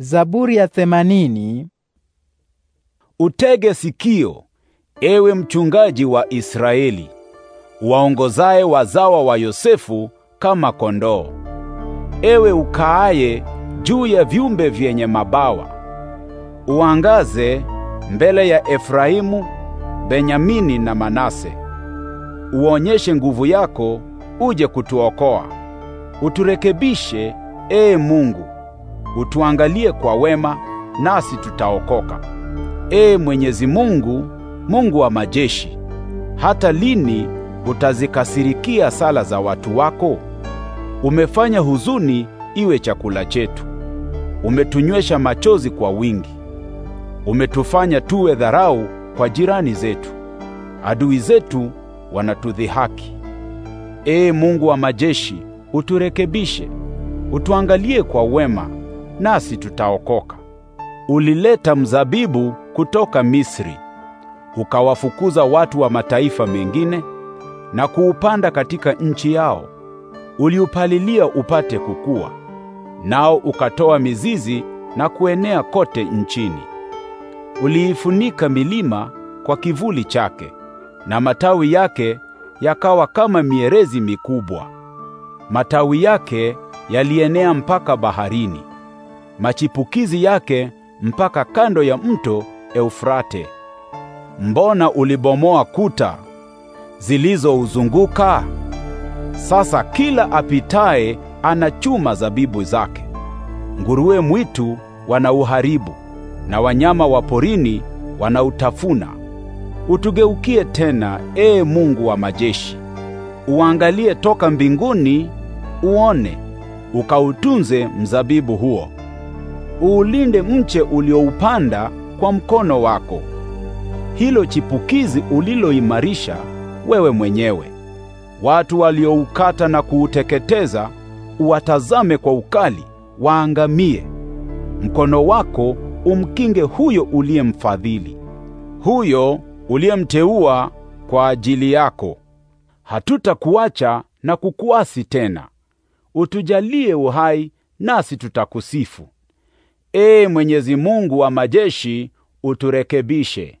Zaburi ya themanini. Utege sikio, ewe mchungaji wa Israeli, waongozaye wazawa wa Yosefu kama kondoo. Ewe ukaaye juu ya viumbe vyenye mabawa, uangaze mbele ya Efraimu, Benyamini na Manase. Uonyeshe nguvu yako, uje kutuokoa. Uturekebishe, ee Mungu, utuangalie kwa wema, nasi tutaokoka. Ee Mwenyezi Mungu, Mungu wa majeshi, hata lini utazikasirikia sala za watu wako? Umefanya huzuni iwe chakula chetu, umetunywesha machozi kwa wingi, umetufanya tuwe dharau kwa jirani zetu, adui zetu wanatudhihaki. Ee Mungu wa majeshi, uturekebishe, utuangalie kwa wema nasi tutaokoka. Ulileta mzabibu kutoka Misri, ukawafukuza watu wa mataifa mengine na kuupanda katika nchi yao. Uliupalilia upate kukua, nao ukatoa mizizi na kuenea kote nchini. Uliifunika milima kwa kivuli chake, na matawi yake yakawa kama mierezi mikubwa. Matawi yake yalienea mpaka baharini, machipukizi yake mpaka kando ya mto Eufrate. Mbona ulibomoa kuta zilizouzunguka? Sasa kila apitaye anachuma zabibu zake. Nguruwe mwitu wanauharibu na wanyama wa porini wanautafuna. Utugeukie tena, ee Mungu wa majeshi, uangalie toka mbinguni uone, ukautunze mzabibu huo uulinde mche ulioupanda kwa mkono wako, hilo chipukizi uliloimarisha wewe mwenyewe. Watu walioukata na kuuteketeza uwatazame kwa ukali, waangamie. Mkono wako umkinge huyo uliyemfadhili, huyo uliyemteua kwa ajili yako. Hatutakuacha na kukuasi tena, utujalie uhai, nasi tutakusifu. Ee Mwenyezi Mungu wa majeshi, uturekebishe,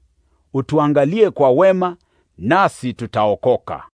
utuangalie kwa wema, nasi tutaokoka.